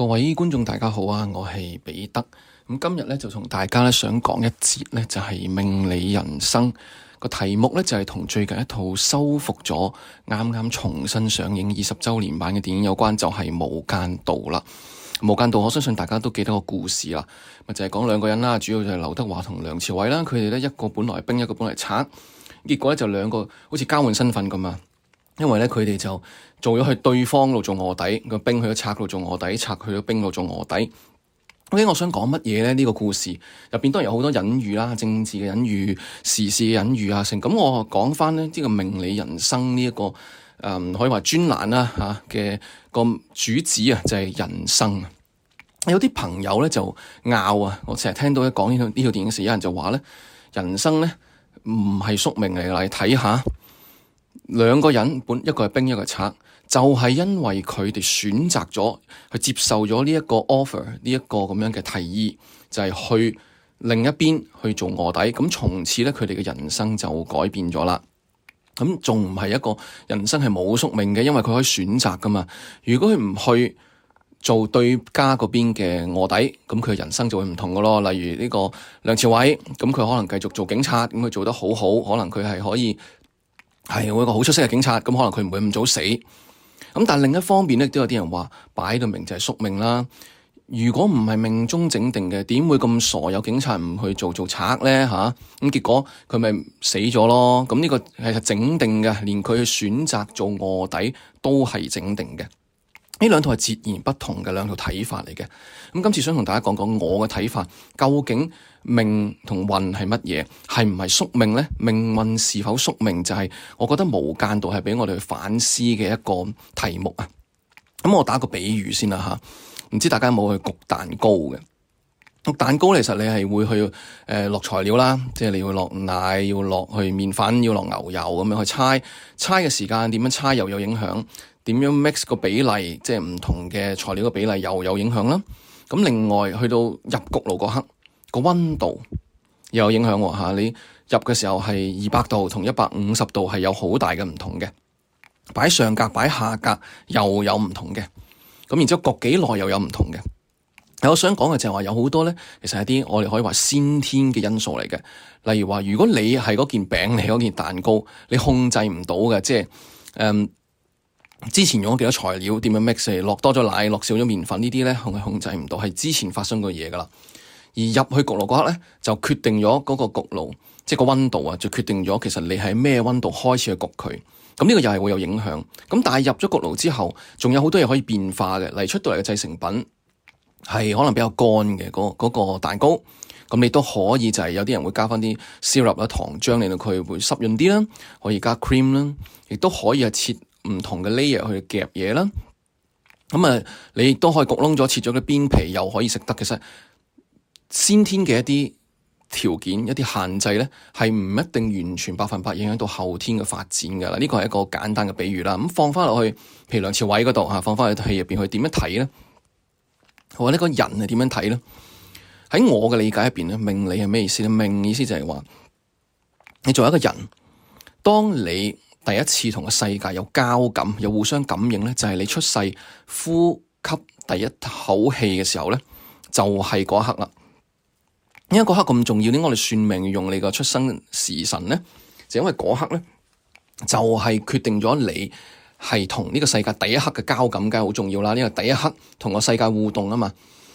各位觀眾大家好啊，我係彼得，今日咧就同大家想講一節呢，就係命理人生個題目呢，就係同最近一套修復咗啱啱重新上映二十周年版嘅電影有關，就係《無間道》啦。《無間道》我相信大家都記得個故事啦，咪就係講兩個人啦，主要就係劉德華同梁朝偉啦，佢哋呢，一個本來係兵，一個本來係賊，結果呢，就兩個好似交換身份咁啊。因為咧，佢哋就做咗去對方度做臥底，個兵去咗賊度做臥底，賊去咗兵度做臥底。究竟，我想講乜嘢咧？呢、這個故事入邊當然有好多隱喻啦，政治嘅隱喻、時事嘅隱喻啊，成咁我講翻咧，呢個命理人生呢、這、一個誒、呃，唔可以話專欄啦吓嘅個主旨啊，就係、是、人生。有啲朋友咧就拗啊，我成日聽到一講呢套呢套電影時，有人就話咧，人生咧唔係宿命嚟㗎，你睇下。兩個人本一個係兵一個係賊，就係因為佢哋選擇咗去接受咗呢一個 offer，呢一個咁樣嘅提議，就係去另一邊去做臥底。咁從此咧，佢哋嘅人生就改變咗啦。咁仲唔係一個人生係冇宿命嘅，因為佢可以選擇噶嘛。如果佢唔去做對家嗰邊嘅臥底，咁佢嘅人生就會唔同噶咯。例如呢個梁朝偉，咁佢可能繼續做警察，咁佢做得好好，可能佢係可以。係，我、哎、一個好出色嘅警察，咁可能佢唔會咁早死。咁但係另一方面咧，都有啲人話擺到明就係宿命啦。如果唔係命中整定嘅，點會咁傻有警察唔去做做賊咧吓？咁、啊、結果佢咪死咗咯？咁呢個係係整定嘅，連佢選擇做卧底都係整定嘅。呢兩套係截然不同嘅兩套睇法嚟嘅。咁今次想同大家講講我嘅睇法，究竟命同運係乜嘢？係唔係宿命呢？命運是否宿命？就係我覺得無間道係畀我哋去反思嘅一個題目啊。咁我打個比喻先啦吓，唔知大家有冇去焗蛋糕嘅？焗蛋糕其實你係會去誒落、呃、材料啦，即係你要落奶，要落去麵粉，要落牛油咁樣去猜猜嘅時間，點樣猜又有影響。點樣 mix 個比例，即係唔同嘅材料嘅比例又有影響啦。咁另外去到入焗爐嗰刻，個温度又有影響喎。你入嘅時候係二百度同一百五十度係有好大嘅唔同嘅。擺上格擺下格又有唔同嘅。咁然之後焗幾耐又有唔同嘅。但我想講嘅就係話有好多咧，其實係啲我哋可以話先天嘅因素嚟嘅。例如話，如果你係嗰件餅嚟嗰件蛋糕，你控制唔到嘅，即係誒。嗯之前用咗幾多材料，點樣 mix 落多咗奶，落少咗麵粉呢啲咧，控控制唔到，係之前發生過嘢噶啦。而入去焗爐嗰刻咧，就決定咗嗰個焗爐，即係個温度啊，就決定咗其實你喺咩温度開始去焗佢。咁呢個又係會有影響。咁但係入咗焗爐之後，仲有好多嘢可以變化嘅。例如出到嚟嘅製成品係可能比較乾嘅嗰嗰個蛋糕，咁你都可以就係、是、有啲人會加翻啲 syrup 啦，糖漿，令到佢會濕潤啲啦，可以加 cream 啦，亦都可以係切。唔同嘅 layer 去夾嘢啦，咁啊，你都可以焗窿咗切咗啲邊皮，又可以食得。其實先天嘅一啲條件、一啲限制咧，係唔一定完全百分百影響到後天嘅發展噶啦。呢、呢個係一個簡單嘅比喻啦。咁放翻落去，譬如梁朝偉嗰度吓，放翻去戲入邊去，點樣睇咧？我、這、呢個人係，點樣睇咧？喺我嘅理解入邊咧，命理係咩意思咧？命意思就係話，你作為一個人，當你。第一次同個世界有交感，有互相感應咧，就係你出世呼吸第一口氣嘅時候咧，就係嗰一刻啦。因為嗰刻咁重要咧，我哋算命用你個出生時辰咧，就因為嗰刻咧，就係決定咗你係同呢個世界第一刻嘅交感，梗係好重要啦。呢個第一刻同個世界互動啊嘛。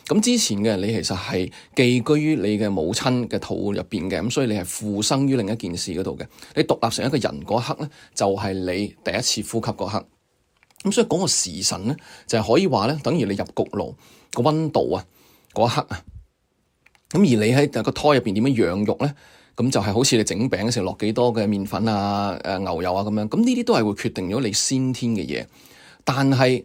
咁之前嘅你其實係寄居於你嘅母親嘅肚入邊嘅，咁所以你係附生於另一件事嗰度嘅。你獨立成一個人嗰刻咧，就係、係、你第一次呼吸嗰刻。咁所以嗰個時辰咧，就係可以話咧，等於你入焗爐、個温度啊嗰一、嗰個、刻啊。咁而你喺個胎入邊點樣養育咧？咁就係好似你整餅嗰時落幾多嘅麵粉啊、誒、啊、牛油啊咁樣。咁呢啲都係會決定咗你先天嘅嘢，但係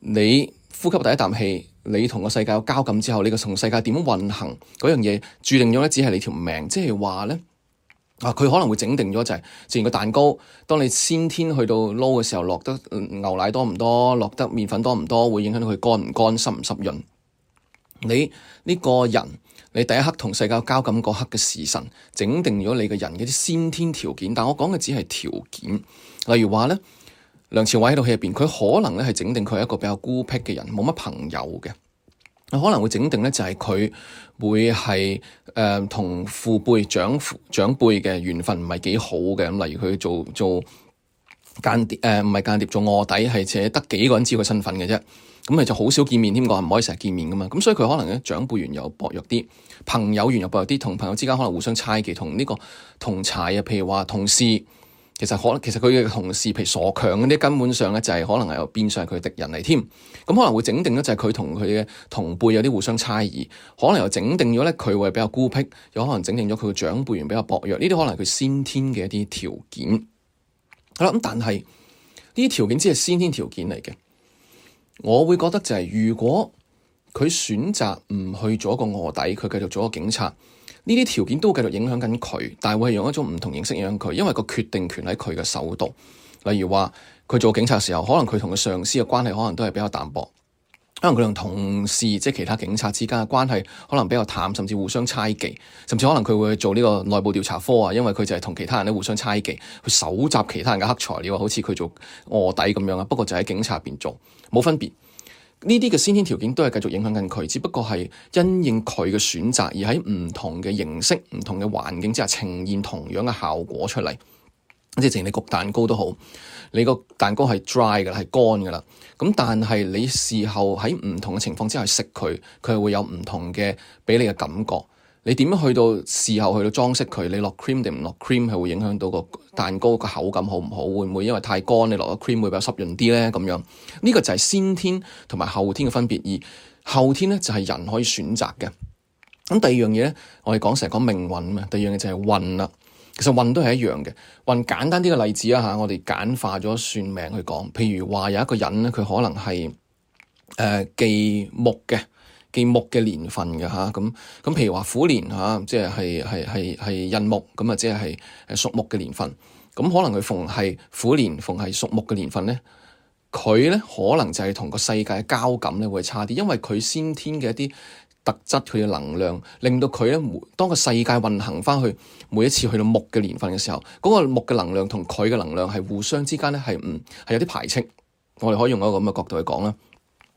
你。呼吸第一啖氣，你同個世界有交感之後，你個同世界點運行嗰樣嘢，注定咗咧，只係你條命。即係話咧，啊，佢可能會整定咗就係、是，自然個蛋糕。當你先天去到撈嘅時候，落得牛奶多唔多，落得麵粉多唔多，會影響到佢乾唔乾、濕唔濕潤。你呢、這個人，你第一刻同世界有交感嗰刻嘅時辰，整定咗你嘅人嘅先天條件。但我講嘅只係條件，例如話咧。梁朝偉喺套戲入邊，佢可能咧係整定佢係一個比較孤僻嘅人，冇乜朋友嘅。可能會整定咧，就係佢會係誒同父輩、長父長輩嘅緣分唔係幾好嘅。咁例如佢做做間諜，誒唔係間諜，做臥底，係且得幾個人知佢身份嘅啫。咁咪就好少見面添，我唔可以成日見面噶嘛。咁所以佢可能咧長輩緣又薄弱啲，朋友緣又薄弱啲，同朋友之間可能互相猜忌，同呢、呢個同儕，啊，譬如話同事。其實可能其實佢嘅同事譬如傻強嗰啲根本上咧就係可能又變相佢嘅敵人嚟添，咁可能會整定咗就係佢同佢嘅同輩有啲互相猜疑，可能又整定咗咧佢會比較孤僻，又可能整定咗佢嘅長輩緣比較薄弱，呢啲可能係佢先天嘅一啲條件。好啦，咁但係呢啲條件只係先天條件嚟嘅，我會覺得就係如果佢選擇唔去做一個臥底，佢繼續做一個警察。呢啲條件都會繼續影響緊佢，但係會係用一種唔同形式影響佢，因為個決定權喺佢嘅手度。例如話，佢做警察嘅時候，可能佢同佢上司嘅關係可能都係比較淡薄，可能佢同同事即係、就是、其他警察之間嘅關係可能比較淡，甚至互相猜忌，甚至可能佢會做呢個內部調查科啊，因為佢就係同其他人咧互相猜忌，去搜集其他人嘅黑材料，好似佢做臥底咁樣啊。不過就喺警察入邊做，冇分別。呢啲嘅先天條件都係繼續影響緊佢，只不過係因應佢嘅選擇而喺唔同嘅形式、唔同嘅環境之下呈現同樣嘅效果出嚟。即係，即使你焗蛋糕都好，你個蛋糕係 dry 嘅啦，係乾嘅啦。咁但係你事後喺唔同嘅情況之下食佢，佢係會有唔同嘅畀你嘅感覺。你點樣去到事後去到裝飾佢？你落 cream 定唔落 cream 係會影響到個蛋糕個口感好唔好？會唔會因為太乾你落咗 cream 會比較濕潤啲咧？咁樣呢個就係先天同埋後天嘅分別，而後天咧就係人可以選擇嘅。咁第二樣嘢咧，我哋講成日講命運啊嘛，第二樣嘢就係運啦。其實運都係一樣嘅。運簡單啲嘅例子啊嚇，我哋簡化咗算命去講。譬如話有一個人咧，佢可能係誒忌木嘅。忌木嘅年份嘅吓，咁咁譬如話虎年吓，即係係係係印木，咁啊即係係屬木嘅年份，咁可能佢逢係虎年逢係屬木嘅年份咧，佢咧可能就係同個世界交感咧會差啲，因為佢先天嘅一啲特質，佢嘅能量令到佢咧，當個世界運行翻去每一次去到木嘅年份嘅時候，嗰個木嘅能量同佢嘅能量係互相之間咧係唔係有啲排斥，我哋可以用一個咁嘅角度去講啦。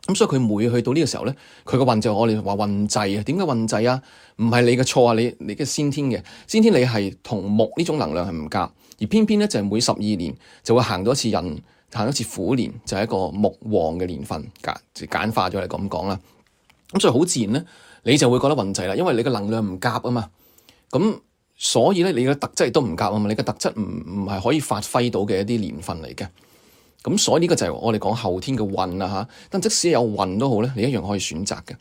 咁所以佢每去到呢個時候咧，佢個運就係我哋話運滯啊。點解運滯啊？唔係你嘅錯啊，你你嘅先天嘅先天你係同木呢種能量係唔夾，而偏偏咧就係每十二年就會行到一次寅，行一次虎年，就係、是、一個木旺嘅年份，簡簡化咗嚟咁講啦。咁所以好自然咧，你就會覺得運滯啦，因為你嘅能量唔夾啊嘛。咁所以咧，你嘅特質都唔夾啊嘛，你嘅特質唔唔係可以發揮到嘅一啲年份嚟嘅。咁所以呢個就係我哋講後天嘅運啦吓，但即使有運都好咧，你一樣可以選擇嘅。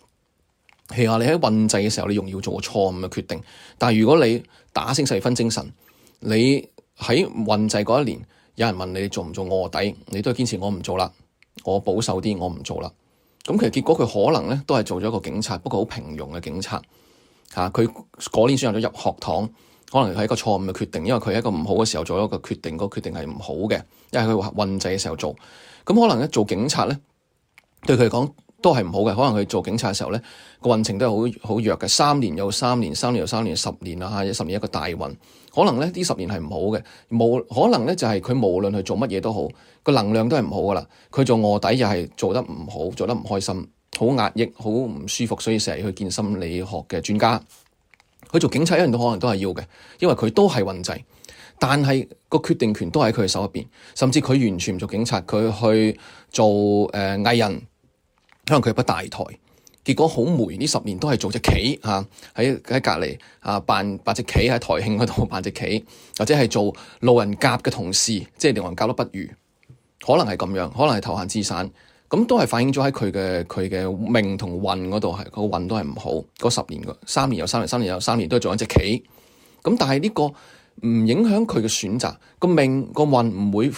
係啊，你喺運滯嘅時候，你仲要做個錯誤嘅決定。但係如果你打醒十二分精神，你喺運滯嗰一年，有人問你，你做唔做臥底，你都係堅持我唔做啦，我保守啲，我唔做啦。咁其實結果佢可能咧都係做咗個警察，不過好平庸嘅警察嚇。佢、啊、嗰年選擇咗入學堂。可能係一個錯誤嘅決定，因為佢喺一個唔好嘅時候做一個決定，個決定係唔好嘅。因為佢運運勢嘅時候做，咁可能咧做警察咧，對佢嚟講都係唔好嘅。可能佢做警察嘅時候咧，個運程都係好好弱嘅。三年又三年，三年又三年，十年啊嚇，十年一個大運。可能咧，呢十年係唔好嘅。無可能咧，就係佢無論係做乜嘢都好，個能量都係唔好噶啦。佢做臥底又係做得唔好，做得唔開心，好壓抑，好唔舒服，所以成日去見心理學嘅專家。佢做警察一樣，都可能都係要嘅，因為佢都係運勢，但係個決定權都喺佢手入邊。甚至佢完全唔做警察，佢去做誒、呃、藝人，可能佢入不大台，結果好霉，呢十年都係做隻棋嚇，喺喺隔離啊，扮扮、啊、隻棋喺台慶嗰度扮隻棋，或者係做路人甲嘅同事，即係路人甲都不如，可能係咁樣，可能係投閒置散。咁都係反映咗喺佢嘅佢嘅命同運嗰度，係個運都係唔好十年㗎，三年，又三年，三年又三年，又三年，都係做一隻棋。咁。但係呢個唔影響佢嘅選擇，個命個運唔會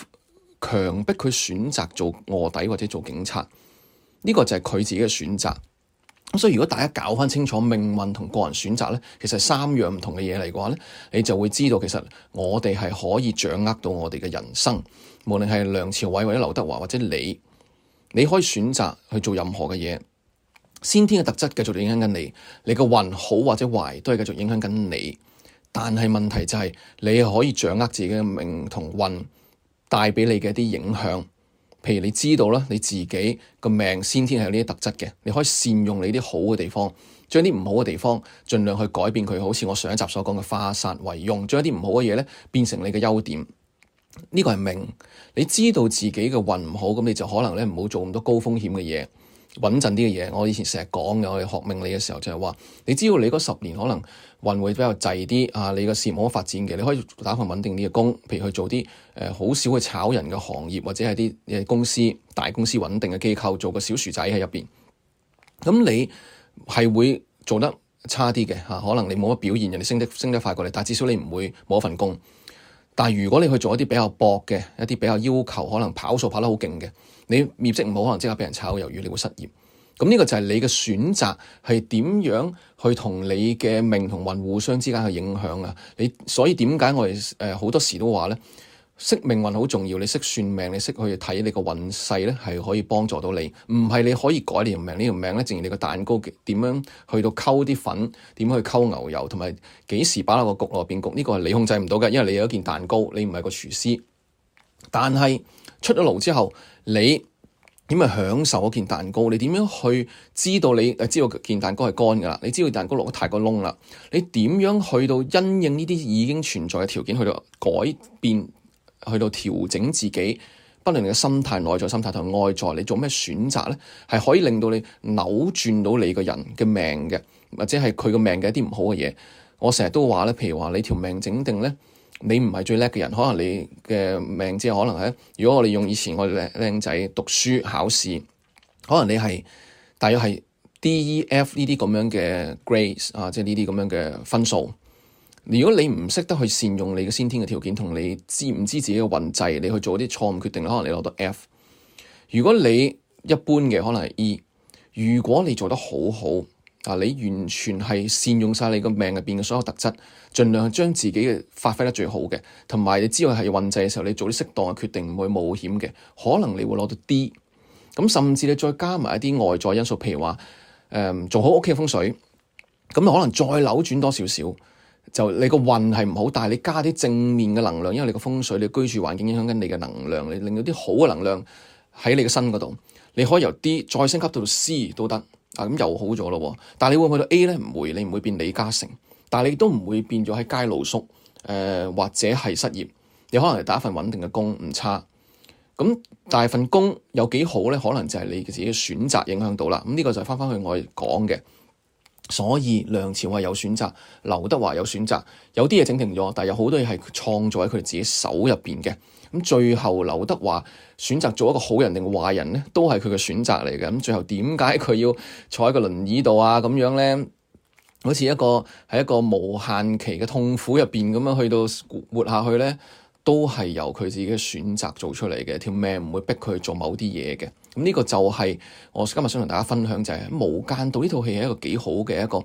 強迫佢選擇做臥底或者做警察。呢、呢個就係佢自己嘅選擇。咁所以如果大家搞翻清楚命運同個人選擇咧，其實係三樣唔同嘅嘢嚟嘅話咧，你就會知道其實我哋係可以掌握到我哋嘅人生，無論係梁朝偉或者劉德華或者你。你可以選擇去做任何嘅嘢，先天嘅特質繼續影響緊你，你嘅運好或者壞都係繼續影響緊你。但係問題就係，你可以掌握自己嘅命同運帶畀你嘅一啲影響，譬如你知道啦，你自己個命先天係有呢啲特質嘅，你可以善用你啲好嘅地方，將啲唔好嘅地方盡量去改變佢，好似我上一集所講嘅化煞為用，將一啲唔好嘅嘢咧變成你嘅優點。呢個係命，你知道自己嘅運唔好，咁你就可能咧唔好做咁多高風險嘅嘢，穩陣啲嘅嘢。我以前成日講嘅，我哋學命理嘅時候就係話，你知道你嗰十年可能運會比較滯啲啊，你個事冇乜發展嘅，你可以打份穩定啲嘅工，譬如去做啲誒好少去炒人嘅行業，或者係啲誒公司、大公司穩定嘅機構做個小薯仔喺入邊。咁你係會做得差啲嘅嚇，可能你冇乜表現，人哋升得升得快過你，但至少你唔會冇一份工。但係如果你去做一啲比較薄嘅，一啲比較要求可能跑數跑得好勁嘅，你業績唔好，可能即刻畀人炒魷魚，你會失業。咁呢個就係你嘅選擇係點樣去同你嘅命同運互相之間嘅影響呀。你所以點解我哋誒好多時都話咧？識命運好重要，你識算命，你識去睇你個運勢咧，係可以幫助到你，唔係你可以改你條命，你條命呢條命咧，正如你個蛋糕點樣去到溝啲粉，點樣去溝牛油，同埋幾時擺落個焗爐入面焗，呢、這個係你控制唔到嘅，因為你有一件蛋糕，你唔係個廚師。但係出咗爐之後，你點樣享受嗰件蛋糕，你點樣去知道你、啊、知道件蛋糕係乾噶啦，你知道蛋糕落太過燶啦，你點樣去到因應呢啲已經存在嘅條件去到改變，去到調整自己，不論你嘅心態、內在心態同外在，你做咩選擇呢？係可以令到你扭轉到你個人嘅命嘅，或者係佢個命嘅一啲唔好嘅嘢。我成日都話呢，譬如話你條命整定呢，你唔係最叻嘅人，可能你嘅命即係可能係。如果我哋用以前我哋僆僆仔讀書考試，可能你係大約係 D、E、F 呢啲咁樣嘅 grades 啊，即係呢啲咁樣嘅分數。如果你唔識得去善用你嘅先天嘅條件，同你知唔知自己嘅運滯，你去做啲錯誤決定，可能你攞到 F。如果你一般嘅，可能係 E。如果你做得好好啊，你完全係善用晒你個命入邊嘅所有特質，盡量將自己嘅發揮得最好嘅，同埋你知道係運滯嘅時候，你做啲適當嘅決定，唔會冒險嘅，可能你會攞到 D。咁甚至你再加埋一啲外在因素，譬如話誒、嗯、做好屋企嘅風水，咁可能再扭轉多少少。就你個運係唔好，但係你加啲正面嘅能量，因為你個風水、你居住環境影響緊你嘅能量，你令到啲好嘅能量喺你嘅身嗰度，你可以由 D 再升級到 C 都得啊，咁又好咗咯。但係你會唔會去到 A 呢？唔會，你唔會變李嘉誠，但係你都唔會變咗喺街露宿，誒、呃、或者係失業，你可能係打一份穩定嘅工，唔差。咁但係份工有幾好呢？可能就係你自己嘅選擇影響到啦。咁呢個就係翻翻去我講嘅。所以梁朝偉有選擇，劉德華有選擇，有啲嘢整定咗，但係有好多嘢係創造喺佢哋自己手入邊嘅。咁最後劉德華選擇做一個好人定壞人咧？都係佢嘅選擇嚟嘅。咁最後點解佢要坐喺個輪椅度啊？咁樣咧，好似一個喺一個無限期嘅痛苦入邊咁樣去到活下去咧。都係由佢自己嘅選擇做出嚟嘅，條命唔會逼佢做某啲嘢嘅。咁、這、呢個就係我今日想同大家分享就係、是《無間道》呢套戲係一個幾好嘅一個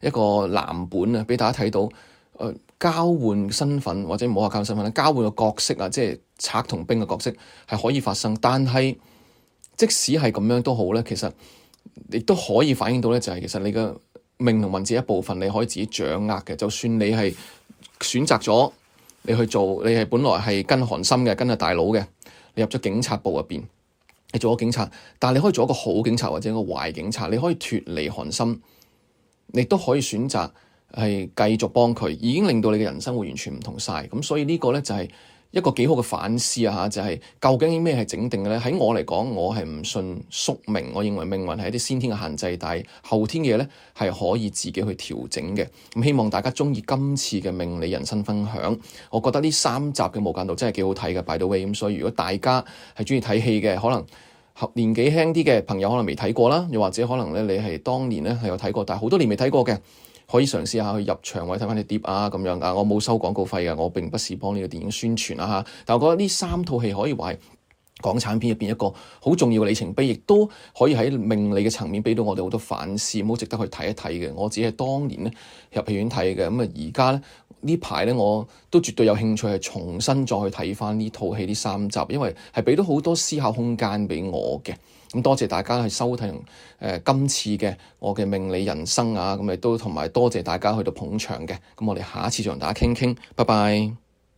一個藍本啊！俾大家睇到，誒、呃、交換身份或者冇話交換身份啦，交換個角色啊，即係賊同兵嘅角色係可以發生。但係即使係咁樣都好咧，其實你都可以反映到咧、就是，就係其實你嘅命同運只一部分你可以自己掌握嘅。就算你係選擇咗，你去做，你係本來係跟韓森嘅，跟阿大佬嘅，你入咗警察部入邊，你做咗警察，但係你可以做一個好警察或者一個壞警察，你可以脫離韓森，你都可以選擇係繼續幫佢，已經令到你嘅人生會完全唔同晒。咁所以呢個咧就係。一個幾好嘅反思啊嚇，就係究竟咩係整定嘅咧？喺我嚟講，我係唔信宿命，我認為命運係一啲先天嘅限制，但係後天嘅嘢咧係可以自己去調整嘅。咁希望大家鍾意今次嘅命理人生分享，我覺得呢三集嘅無間道真係幾好睇嘅，by the way。咁所以如果大家係鍾意睇戲嘅，可能年紀輕啲嘅朋友可能未睇過啦，又或者可能咧你係當年咧係有睇過，但係好多年未睇過嘅。可以嘗試下去入場位睇翻啲碟啊咁樣啊，樣我冇收廣告費啊，我並不是幫呢個電影宣傳啊。嚇。但我覺得呢三套戲可以話係港產片入邊一個好重要嘅里程碑，亦都可以喺命理嘅層面畀到我哋好多反思，好值得去睇一睇嘅。我只係當年咧入戲院睇嘅，咁啊而家咧呢排呢，我都絕對有興趣係重新再去睇翻呢套戲呢三集，因為係畀到好多思考空間畀我嘅。咁多謝大家去收聽誒、呃、今次嘅我嘅命理人生啊，咁亦都同埋多謝大家去到捧場嘅，咁我哋下一次再同大家傾傾，拜拜。